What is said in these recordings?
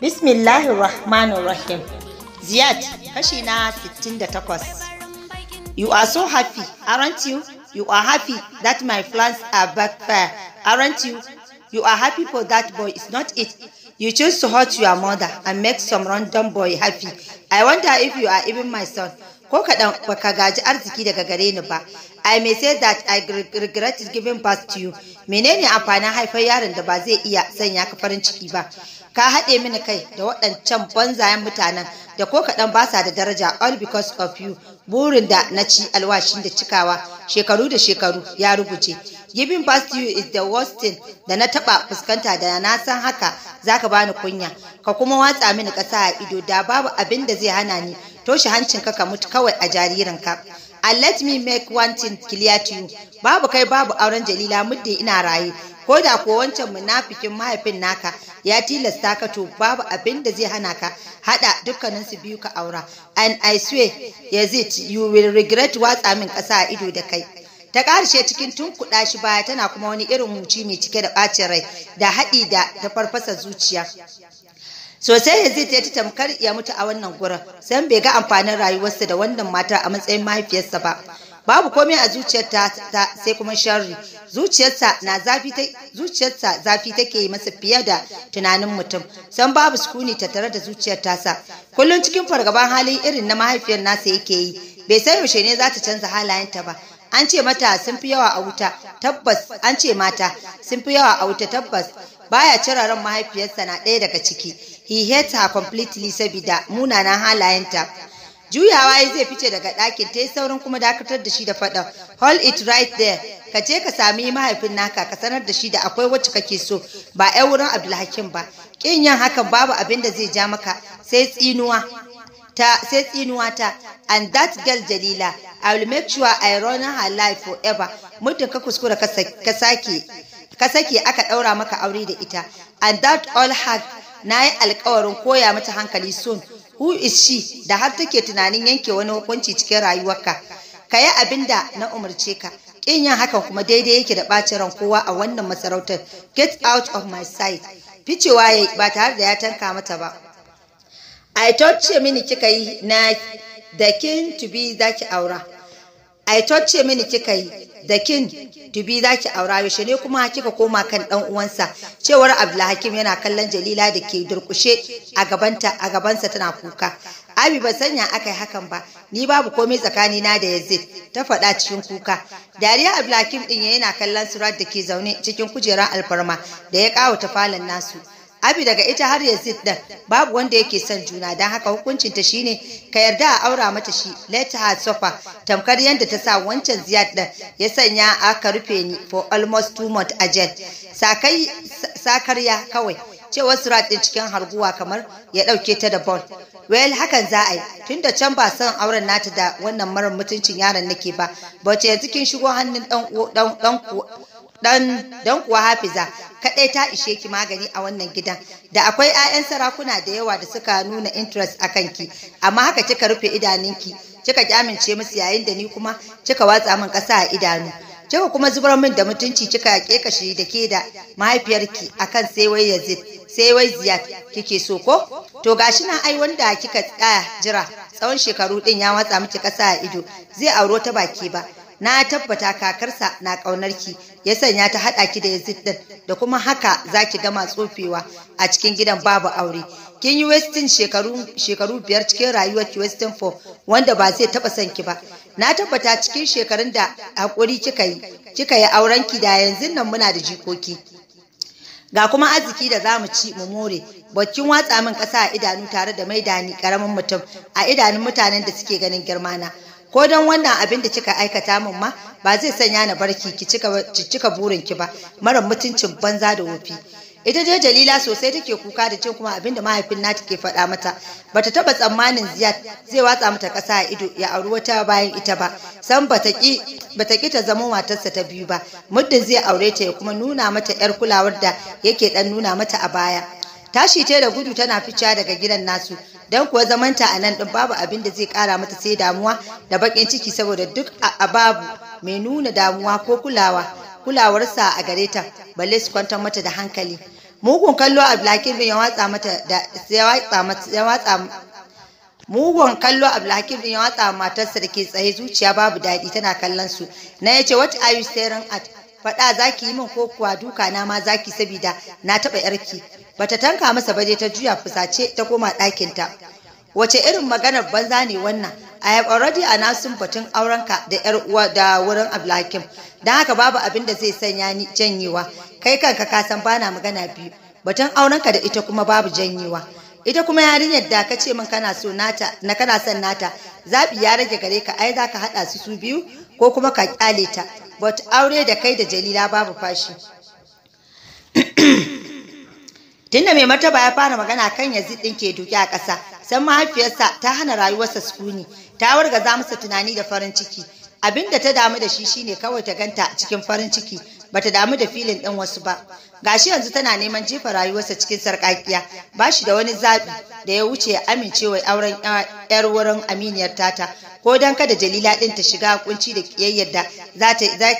Bismillahir Rahmanir Rahim. Ziyad, kashi na 68. You are so happy, aren't you? You are happy that my plans are backfire, aren't you? You are happy for that boy, is not it? You choose to hurt your mother and make some random boy happy. I wonder if you are even my son. Ko kaɗan baka gaji arziki daga gare ni ba. I may say that I regret giving birth to you. Menene amfanin haifar yaron da ba zai iya sanya ka farin ciki ba? ka haɗe mini kai da waɗancan banzayen mutanen da ko kaɗan ba sa da daraja all because of you burin da na ci alwashin da cikawa shekaru da shekaru ya rubuce. giving past you is the worst thing da na taɓa fuskanta da na san haka za ka bani kunya ka kuma watsa mini ƙasa a ido da babu abin da zai hana ni toshe hancin ka ka mutu kawai a jaririnka and let me make one thing clear to you babu kai babu auren jalila muddin ina raye ko da ko wancan munafikin mahaifin naka ya tilasta ka to babu abin da zai hana ka hada dukkanin su biyu ka aura and i swear yazid you will regret watsa min kasa a ido da kai ta karshe cikin tun kuɗa shi baya tana kuma wani irin huci mai cike da ɓacin rai da haɗi da ta farfasa zuciya sosai ya zai ta tamkar ya mutu a wannan gurin san bai ga amfanin rayuwarsa da wannan mata a matsayin mahaifiyarsa ba babu komai a zuciyarta ta sai kuma sharri zuciyarta na zafi ta zuciyarta zafi take yi masa fiye da tunanin mutum san babu sukuni tare da zuciyar tasa kullum cikin fargaban hali irin na mahaifiyar nasa yake yi bai san yaushe ne za ta canza ta ba an ce mata sun fi yawa a wuta tabbas an ce mata sun fi yawa a wuta tabbas baya cira ran mahaifiyarsa na ɗaya daga ciki he hates her completely sabida munanan halayenta juyawa ya zai fice daga ɗakin ta yi saurin kuma dakatar da shi da faɗan. hold it right there ka je ka sami mahaifin naka ka sanar da shi da akwai wacce kake so ba yan wurin abdulhakim ba kin yin hakan babu abin da zai ja maka sai tsinuwa ta sai tsinuwa ta and that girl jalila i will make sure i run her life forever muddin ka kuskura ka sake ka sake aka ɗaura maka aure da ita and that all hack na yi alkawarin koya mata hankali soon who is she da har take tunanin yanke wani hukunci cikin rayuwarka ka yi abin da na umarce ka kin yin hakan kuma daidai yake da ɓacin ran kowa a wannan masarautar get out of my sight ficewa ya ba har da ya tanka mata ba i told ce mini kika yi na da kin to be zaki aura ai mini kika yi da kin dubi za ki aura yaushe ne kuma kika koma kan dan uwansa cewar Abdulhakim yana kallon Jalila da ke durkushe a gabanta a gabansa tana kuka Abi ba sanya akai hakan ba ni babu komai tsakani na da Yazid ta faɗa cikin kuka Dariya Abdulhakim din yana kallon Surat da ke zaune cikin kujerar alfarma da ya kawo ta falon nasu abi daga ita har yazid din babu wanda yake son juna don haka hukuncin ta shine ka yarda a aura mata shi let her suffer tamkar yadda ta sa wancan ziyad din ya sanya aka rufe ni for almost two months a jail sakai sakarya kawai cewa surat din cikin harguwa kamar ya dauke ta da ball well hakan za a yi tunda can ba son auren nata da wannan marar mutuncin yaron nake ba bace yanzu kin shigo hannun dan dan dan dan kuwa hafiza kadai ta ishe ki magani a wannan gidan da akwai 'ya'yan sarakuna da yawa da suka nuna interest a kanki amma haka kika rufe idanunki kika kyamince musu yayin da ni kuma kika watsa min ƙasa a idanu kika kuma zubar min da mutunci kika shi da ke da mahaifiyarki akan sai wai yazid sai wai ziyad kike so ko to gashi nan ai wanda kika tsaya jira tsawon shekaru din ya watsa miki ƙasa a ido zai auro ta baki ba na tabbata kakarsa na ki, ya sanya ta haɗa ki da Yazid din da kuma haka zaki gama tsofewa a cikin gidan babu aure kin yi westin shekaru biyar cikin rayuwar ki westin for wanda ba zai taba son ki ba na tabbata cikin shekarun da hakuri kika yi kika yi auren ki da yanzu nan muna da jikoki ga kuma arziki da za mu ci mu more bakin watsa min ƙasa a idanu tare da maida ni ƙaramin mutum a idanun mutanen da suke ganin girma na. ko don wannan abin da kika aikata min ma ba zai sanya na barki ki cika burin ki ba mara mutuncin banza da wofi ita je jalila sosai take kuka da cin kuma abin da mahaifin nata ke faɗa mata bata taba tsammanin ziyad zai watsa mata ƙasa a ido ya auri wata bayan ita ba san bata ki bata ta zama matarsa ta biyu ba muddin zai aure ta ya kuma nuna mata yar kulawar da yake dan nuna mata a baya tashi ta da gudu tana fice daga gidan nasu dan kuwa zamanta a nan din babu abin da zai kara mata sai damuwa da bakin ciki saboda duk a babu mai nuna damuwa ko kulawa kulawarsa a gare ta balle su kwantar mata da hankali mugun kallo a blakin ya watsa mata da ya watsa mata ya watsa mugun kallo bin ya watsa matarsa da ke tsaye zuciya babu daɗi tana kallon su na yace what are you staring at faɗa zaki yi min ko duka na ma zaki sabida na taɓa yarki bata tanka masa ba dai ta juya fusace ta koma ɗakinta wace irin maganar banza ne wannan i have already announced batun aurenka da yar uwa da wurin ablakim don haka babu abin da zai sanya ni janyewa kai kanka ka san bana magana biyu batun aurenka da ita kuma babu janyewa ita kuma yarinyar da ka ce min kana so nata na kana son nata zabi ya rage gare ka ai zaka hada su su biyu ko kuma ka kyale ta but aure da kai da Jalila babu fashi Tunda mai martaba ya fara magana kan Yazid din ke duke a ƙasa, san mahaifiyarsa ta hana rayuwarsa sukuni, ta wargaza masa tunani da farin ciki. Abin da ta damu da shi shine kawai ta ganta cikin farin ciki, bata damu da filin ɗin wasu ba. Gashi yanzu tana neman jefa rayuwarsa cikin sarƙaƙiya, ba shi da wani zaɓi da ya wuce ya amincewa auren 'yar wurin aminiyar tata, ko don kada Jalila ɗin ta shiga kunci da ƙiyayyar da za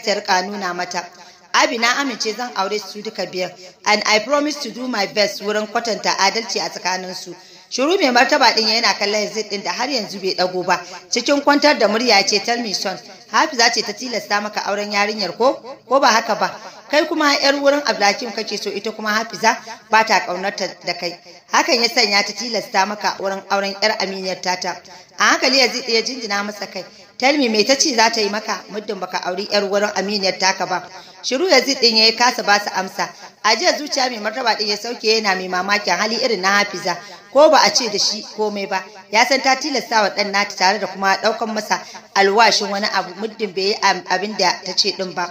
ta riƙa nuna mata. Abi na amince zan aure su duka biyar and I promise to do my best wurin kwatanta adalci a tsakanin su Shiru mai martaba din yana kallon Yazid din da har yanzu bai dago ba. Cikin kwantar da murya ce tell me son. Hafiza ce ta tilasta maka auren yarinyar ko ko ba haka ba. Kai kuma yar wurin Abdulhakim kake so ita kuma Hafiza ba ta kaunarta da kai. Hakan ya sanya ta tilasta maka wurin auren yar aminiyar tata. A hankali Yazid ya jinjina masa kai. Talmi me ta ce za ta yi maka muddin baka auri yar wurin aminiyar taka ba. Shiru zi din yi kasa ba su amsa. A jiya zuciya mai martaba din ya sauke yana mai mamakin hali irin na Hafiza. Ko ba a ce da shi komai ba. Ya san ta tilasta wa dan nata tare da kuma daukan masa alwashin wani abu muddin bai yi abin da ta ce din ba.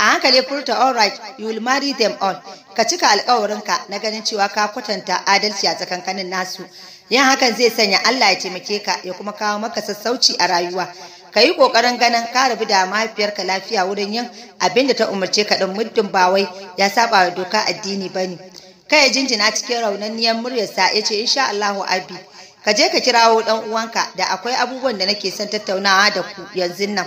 a hankali furta all right you will marry them all ka cika alkawarinka na ganin cewa ka kwatanta adalci a tsakankanin nasu yin hakan zai sanya Allah ya taimake ka ya kuma kawo maka sassauci a rayuwa ka yi ƙoƙarin ganin ka rabu da mahaifiyarka lafiya wurin yin abin da ta umarce ka ɗin muddin ba wai ya saba wa doka addini ba ne kai jinjina cikin raunanniyar muryarsa ya ce insha Allahu abi ka je ka kirawo ɗan uwanka da akwai abubuwan da nake son tattaunawa da ku yanzu nan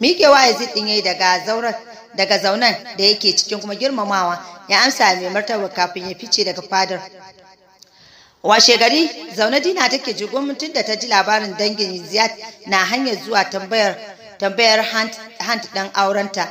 miƙewa ya din yayi daga zauren daga zaunan da yake cikin kuma girmamawa ya amsa mai martaba kafin ya fice daga fadar washe gari zaune dina take jigon mutum da ta ji labarin dangin ziyad na hanyar zuwa tambayar tambayar hand ɗin aurenta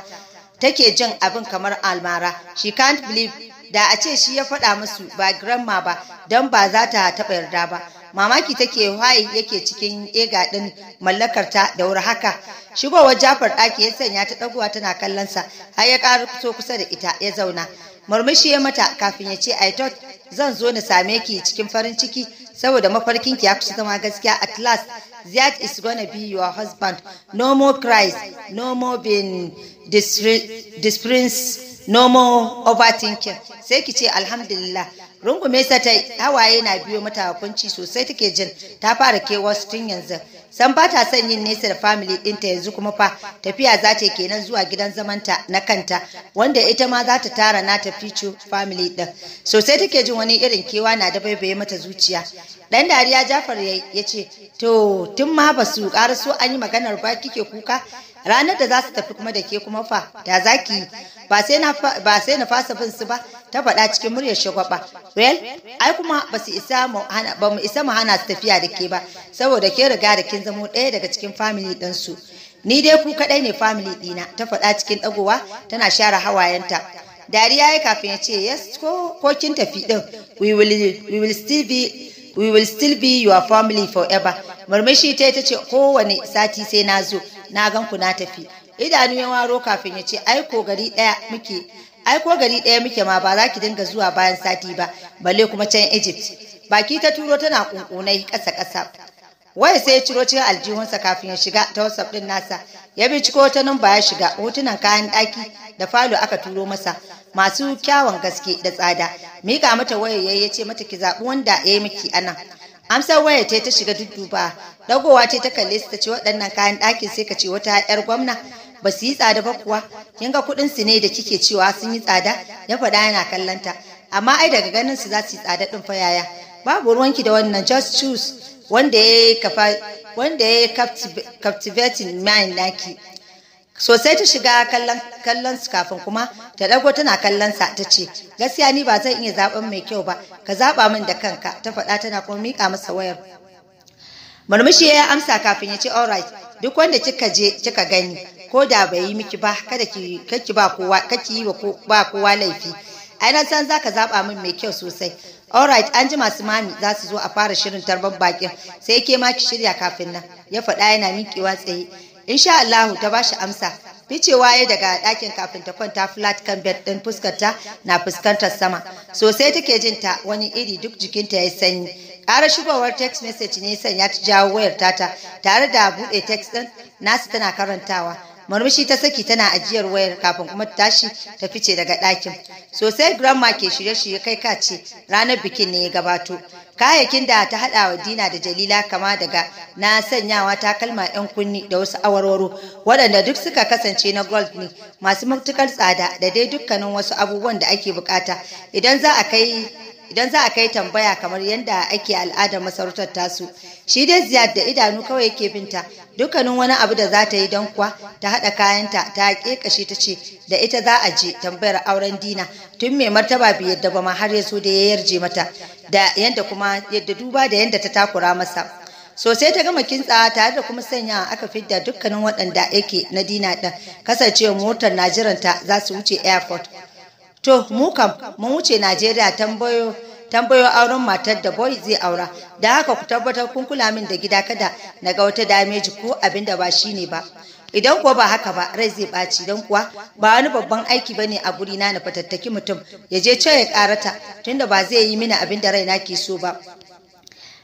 take jin abin kamar almara she can't believe da a ce shi ya faɗa musu ba grandma ba don ba za ta taɓa yarda ba mamaki take waye yake cikin ega ɗin mallakarta da wuri haka shigowar jafar ɗaki ya sanya ta ɗagowa tana kallonsa har ya ƙara kusa da ita ya zauna murmushi ya mata kafin ya ce i thought zan zo na same ki cikin farin ciki saboda mafarkin ki ya kusa zama gaskiya at last that is gonna be your husband no more cries no more being disprince no more overthinking sai ki ce alhamdulillah rungume sa ta hawaye na biyo mata hukunci sosai take jin ta fara kewar tun yanzu san ba ta son yin nesa da family ɗinta yanzu kuma fa tafiya za ta kenan zuwa gidan zamanta na kanta wanda ita ma za ta tara na ta ficho family ɗin sosai take jin wani irin kewa na da baibaye mata zuciya dan dariya jafar ya ce to tun ma ba su ƙara so an yi maganar ba kike kuka ranar da za su tafi kuma da ke kuma fa da za ki ba sai na fasa bin su ba ta faɗa cikin muryar shagwaba well ai kuma ba su isa mu hana su tafiya da ke ba saboda ke riga da kin zamo ɗaya daga cikin family ɗin ni dai ku kaɗai ne family ɗina ta faɗa cikin ɗagowa tana share hawayenta dariya ya kafin ya ce yes ko kin tafi ɗin we will still be we will still be your family forever murmushi ta ce kowane sati sai na zo na gan ku na tafi idanu ya waro kafin ya ce aiko gari daya muke aiko gari daya muke ma ba za ki dinga zuwa bayan sati ba balle kuma can Egypt baki ta turo tana kunkunai ƙasa-ƙasa. wai sai ya ciro cikin aljihunsa kafin ya shiga ta WhatsApp din nasa ya bi ciko ta numba ya shiga hotunan kayan daki da falo aka turo masa masu kyawun gaske da tsada mika mata yayi ya ce mata ki zaɓi wanda ya yi miki anan amsar waya ta shiga dudduba dagowa ce ta kalle su ta ce waɗannan kayan ɗakin sai ka ce wata 'yar gwamna ba su yi tsada ba kuwa kin ga kuɗin su ne da kike cewa sun yi tsada ya faɗa yana kallanta amma ai daga ganin su za su yi tsada ɗin fa yaya babu ruwanki da wannan just choose wanda ya yi wanda ya captivating mind naki sosai ta shiga kallon kallon su kafin kuma ta dago tana kallon sa ta ce gaskiya ni ba zan iya zaben mai kyau ba ka zaba min da kanka ta faɗa tana kuma mika masa wayar murmushi ya amsa kafin ya ce alright duk wanda kika je kika gani ko da bai yi miki ba kada ki kake ba kowa kake yi ba kowa laifi ai ina san zaka zaba min mai kyau sosai alright an ji masu mami za su zo a fara shirin tarban bakin sai ke ma ki shirya kafin nan ya faɗa yana miƙewa tsaye insha Allah ta ba shi amsa ficewa ya daga ɗakin kafin ta kwanta flat kan bed ɗin fuskarta na fuskantar sama sosai take jin ta wani iri duk jikinta ya sanyi ƙara shigowar text message ne sanya ta jawo wayar tata tare da buɗe text ɗin nasu tana karantawa murmushi ta saki tana ajiyar wayar kafin kuma ta tashi ta fice daga ɗakin sosai grandma ke shirye-shirye kai ka ce ranar bikin ne ya gabato kayayyakin da ta haɗa wa Dina da Jalila kama daga na sanyawa takalma 'yan kunni da wasu awarwaro waɗanda duk suka kasance na gold ne masu matukar tsada da dai dukkanin wasu abubuwan da ake bukata idan za a kai idan za a kai tambaya kamar yadda ake al'adar masarautar tasu shi dai ziyar da idanu kawai yake binta dukkanin wani abu da za ta yi don kuwa ta haɗa kayanta ta kashi ta ce da ita za a je tambayar auren dina tun mai martaba biyar yadda ba ma har ya zo da ya yarje mata da yadda kuma yadda duba da yadda ta takura masa sosai ta gama kintsa tare da kuma sanya aka fidda dukkanin waɗanda yake na dina ɗin kasancewa motar na ta za su wuce airport to mu kam mun wuce najeriya tambayo tambayo auren matar da boy zai aura da haka ku tabbatar kun kula min da gida kada na ga wata dameji ko abin da ba ne ba idan kuwa ba haka ba rai zai ɓaci don kuwa ba wani babban aiki ba ne a guri na na fatattaki mutum ya je can ya karata tunda ba zai yi mini abin da rai na ke so ba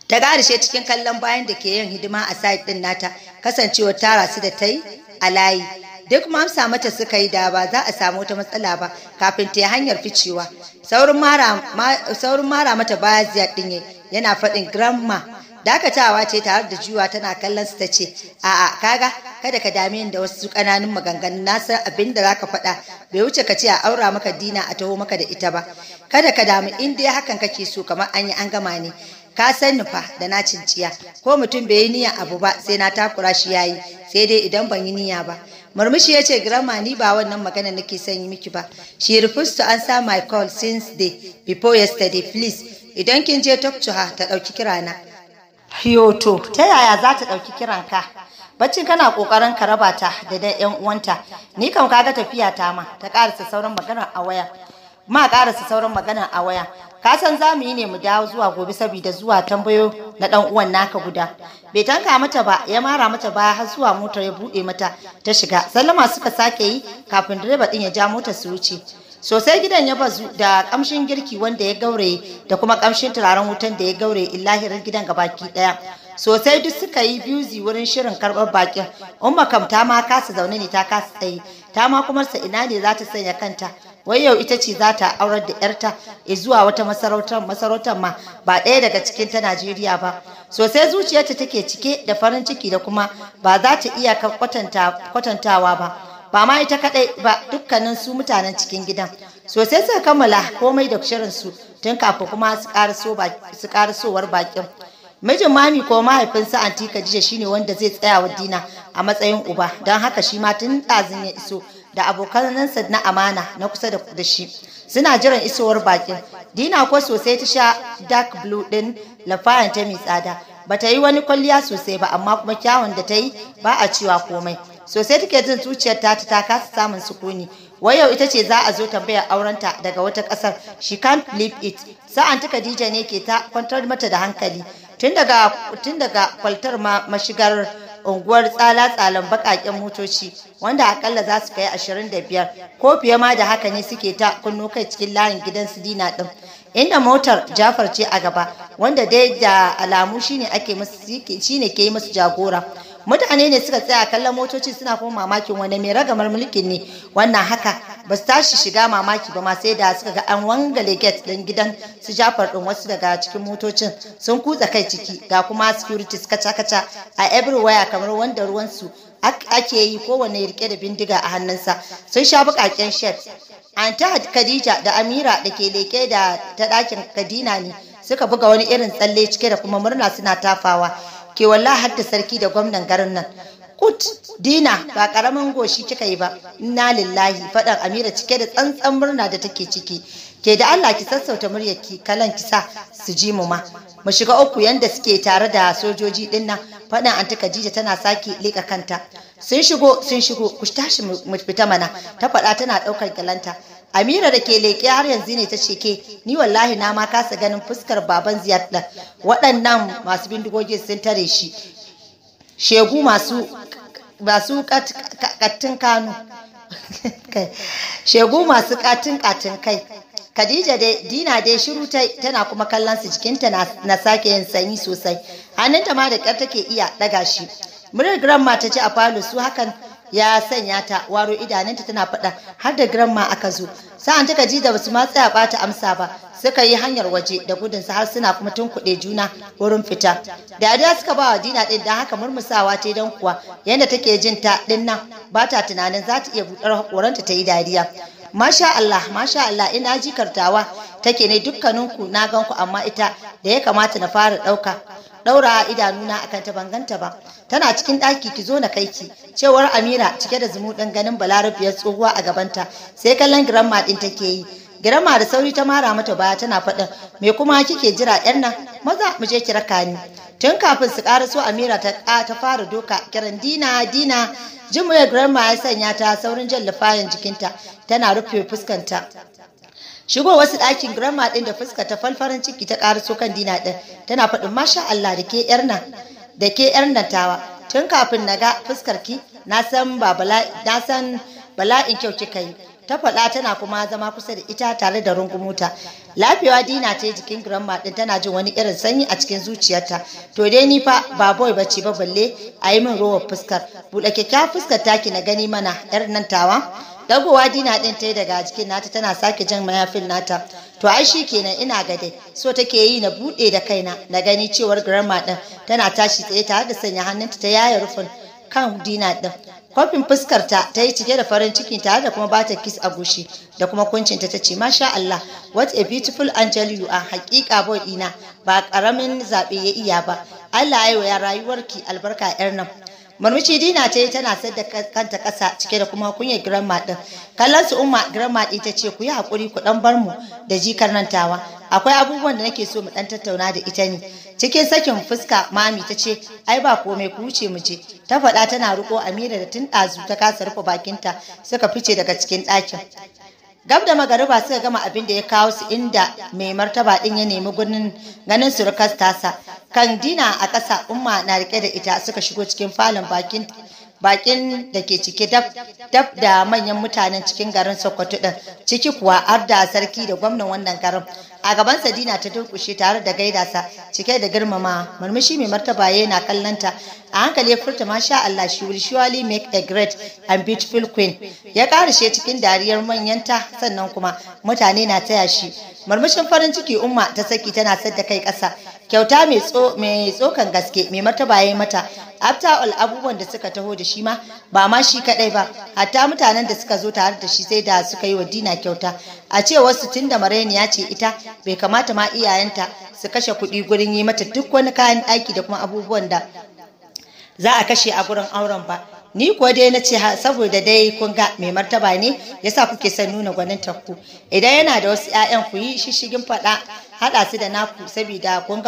ta garishe cikin kallon bayan da ke yin hidima a site din nata kasancewar tara su da ta yi a layi duk ma amsa mata suka yi da ba za a samu wata matsala ba kafin ta yi hanyar ficewa saurin mara mata baya ziya ɗin yana faɗin grandma dakatawa ce tare da juwa tana kallon su ta ce a'a kaga kada ka dame ni da wasu kananun maganganu na san abin da zaka faɗa bai wuce ka ce a aura maka dina a taho maka da ita ba kada ka damu in dai hakan kake so kamar an yi an gama ne ka san ni fa da na cinciya ko mutum bai yi niyan abu ba sai na takura shi yayi sai dai idan ban yi niyya ba murmushi ya ce grandma ni ba wannan magana nake son yi miki ba she refused to answer my call since day before yesterday please idan kin je talk to her ta ɗauki kirana yoto ta yaya za ta ɗauki ka? baccin kana ƙoƙarin ka raba ta da dan yan uwanta ni kam kaga tafiya ta ma ta karasa sauran magana a waya ma karasa sauran maganar a waya ka san za mu yi ne mu dawo zuwa gobe saboda zuwa tambayo na dan uwan naka guda bai tanka mata ba ya mara mata baya har zuwa motar ya buɗe mata ta shiga sallama suka sake yi kafin direba din ya ja motar su wuce sosai gidan ya bazu da kamshin girki wanda ya gauraye da kuma kamshin turaren wutan da ya gauraye illahirin gidan gabaki daya sosai duk suka yi biyu wurin shirin karɓar bakin umma kam ta ma kasa zaune ne ta kasa tsaye ta ma kuma sa ina ne za ta sanya kanta wai yau ita ce za ta aurar da yarta zuwa wata masarautar masarautar ma ba ɗaya daga cikin ta Najeriya ba sosai zuciyarta take cike da farin ciki da kuma ba za ta iya kwatantawa ba ba ma ita kaɗai ba dukkanin su mutanen cikin gidan sosai suka kammala komai da shirin su tun kafin kuma su ƙarasowar bakin mijin mami ko mahaifinsa anti Khadija shine wanda zai tsaya wa Dina a matsayin uba don haka shi ma tun ɗazin ya iso da abokanansa na amana na kusa da shi suna jiran isowar bakin Dina ko sosai ta sha dark blue din lafayan ta mai tsada bata yi wani kwalliya sosai ba amma kuma kyawun da ta yi ba a cewa komai sosai take jin zuciyar ta ta kasa samun sukuni wai yau ita ce za a zo tambayar aurenta daga wata ƙasar? she can't believe it sa'an ta Khadija ne ke ta kwantar mata da hankali tun daga tun daga kwaltar ma mashigar unguwar tsala-tsalan bakaken motoci wanda akalla za su kai ashirin da biyar ko fiye ma da haka ne suke ta kunno kai cikin layin gidan su dina din inda motar jafar ce a gaba wanda dai da alamu shine ake musu shine ke yi musu jagora mutane ne suka tsaya kallon motoci suna kuma mamakin wani mai ragamar mulkin ne wannan haka ba su tashi shiga mamaki ba ma sai da suka ga an wangale gate ɗin gidan su jafar ɗin wasu daga cikin motocin sun kutsa kai ciki ga kuma securities kaca-kaca a everywhere kamar wanda ruwansu ake yi kowane rike da bindiga a hannunsa sun sha bukaken shed anta khadija da amira da ke leke da ta ɗakin kadina ne suka buga wani irin tsalle cike da kuma murna suna tafawa ke wallahi har da sarki da gwamnan garin nan kut dina ba karamin goshi kika yi ba inna lillahi faɗan amira cike da tsantsan murna da take ciki ke da allah ki sassauta muryar ki kalan ki sa su ji mu ma mu shiga uku yanda suke tare da sojoji din nan fadan anti Khadija tana sake lika kanta sun shigo sun shigo ku tashi mu fita mana ta faɗa tana ɗaukar galanta Amira da ke leƙe har yanzu ne ta ce ke ni wallahi na ma kasa ganin fuskar baban Ziyad waɗannan masu bindigogi sun tare shi shegu masu katin kanu shegu masu katin katin kai Khadija dai Dina dai shiru ta tana kuma kallon su jikinta na sake yin sanyi sosai hannunta ma da ƙar take iya ɗaga shi murar grandma ta ci a falo su hakan ya sanya ta waro idanunta tana faɗa har da grandma aka zo sa'an ta ji da basu ma tsaya bata amsa ba suka yi hanyar waje da gudun su har suna kuma tunkuɗe juna wurin fita dariya suka ba wa dina ɗin don haka murmusawa ta don kuwa yadda take jin ta ɗin nan ba ta tunanin za ta iya buɗar haƙoranta ta yi dariya masha Allah masha Allah ina ji kartawa take ne dukkaninku na ganku amma ita da ya kamata na fara ɗauka daura idanuna akan ta banganta ba tana cikin ɗaki ki zo na kai ki cewar amira cike da zumuɗin ganin balarabiyar tsohuwa a gabanta sai kallon giramma din take yi Giramma da sauri ta mara mata baya tana faɗin me kuma kike jira yan nan maza mu je ki raka tun kafin su so amira ta ta fara doka kiran dina dina jimuyar grandma ya sanya ta saurin jan jikinta tana rufe fuskanta shigo wasu ɗakin grandma ɗin da fuska ta falfarin ciki ta ƙaraso kan dina ɗin tana faɗin masha Allah da ke ƴar nan da ke ƴar nan tawa tun kafin na ga fuskar ki na san ba bala na san bala'in kyau kika yi ta faɗa tana kuma zama kusa da ita tare da rungumuta lafiyawa dina ta jikin grandma ɗin tana jin wani irin sanyi a cikin zuciyarta to dai ni fa ba boy bace ba balle a yi min rowar fuskar buɗe kyakkyawar fuskar taki na gani mana yar nan tawa dagowa dina din ta yi daga jikin nata tana sake jan mayafin nata to ai shi kenan ina ga dai so take yi na bude da kaina na gani cewar grandma din tana tashi tsaye tare da sanya hannunta ta yaya rufin kan dina din kofin fuskar ta ta yi cike da farin ciki tare da kuma bata kiss a gushi da kuma kuncinta ta ce masha Allah what a beautiful angel you are hakika boy dina ba karamin zabe ya iya ba Allah ya yi wa rayuwarki albarka yar nan murmushi dina ce tana sayar da kanta kasa cike da kuma kunyar grandma din kallon su umma grandma din ta ce ku yi hakuri ku dan bar mu da jikar nan akwai abubuwan da nake so mu dan tattauna da ita ne cikin sakin fuska mami ta ce ai ba komai ku wuce mu je ta faɗa tana riko amira da tun ɗazu ta kasa rufe bakinta suka fice daga cikin ɗakin gab da magariba suka gama abin da ya kawo su inda mai martaba din ya nemi gunin ganin surukar tasa kan dina a ƙasa umma na rike da ita suka shigo cikin falon bakin bakin da ke cike dab da manyan mutanen cikin garin Sokoto din ciki kuwa Arda sarki da gwamnan wannan garin a gaban Sadina ta durkushe tare da gaida sa, cike da girmama murmushi mai martaba yana kallanta a hankali ya furta masha Allah she will surely make a great and beautiful queen ya karshe cikin dariyar manyanta sannan kuma mutane na taya shi murmushin farin ciki umma ta saki tana sadda kai ƙasa kyauta mai tsokan gaske mai martaba ya yi mata after all abubuwan da suka taho da shi ma ba ma shi kadai ba hatta mutanen da suka zo tare da shi sai da suka yi wa dina kyauta a ce wasu tun da ya ce ita bai kamata ma iyayenta su kashe kuɗi gurin yi mata duk wani kayan aiki da kuma abubuwan da za a kashe a gurin auren ba ni kuwa dai na ce saboda dai kun ga mai martaba ne yasa kuke son nuna gwanin ku idan yana da wasu 'ya'yan ku yi shishigin faɗa haɗa su da naku saboda kun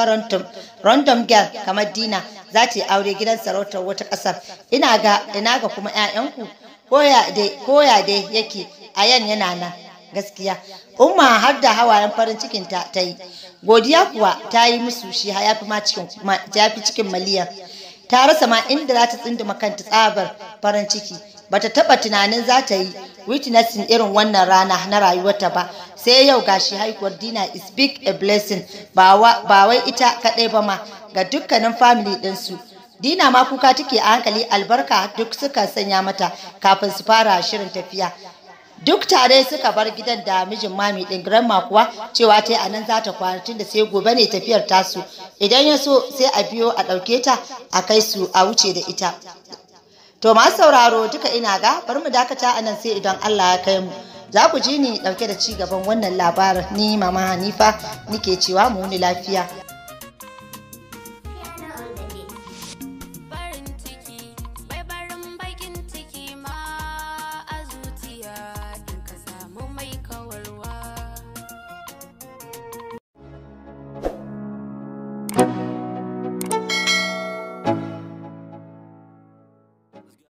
random girl kamar dina za ta yi aure gidan sarautar wata ƙasar ina ga ina ga kuma 'ya'yanku koya dai yake a yan yana nan gaskiya umma har da hawayen farin cikin ta yi godiya kuwa ta yi musu shi ya fi cikin maliyan ta rasa ma inda za ta tsinduma kanta tsabar farin ciki Ba ta taɓa tunanin za ta yi witnessing irin wannan rana na rayuwarta ba sai yau gashi haihuwar dina is big a blessing ba wai ita kadai ba ma ga dukkanin family ɗinsu dina ma kuka take a hankali albarka duk suka sanya mata kafin su fara shirin tafiya duk tare suka bar gidan da mijin mami din grandma kuwa cewa ta a nan za ta kwana tunda sai gobe ne tafiyar tasu idan ya so sai a biyo a ɗauke ta a kai su a wuce da ita to masu sauraro duka ina ga bar mu dakata anan sai idan Allah ya kai mu za ku ji ni ɗauke da ci gaban wannan labarin ni mama Hanifa nike cewa mu ni lafiya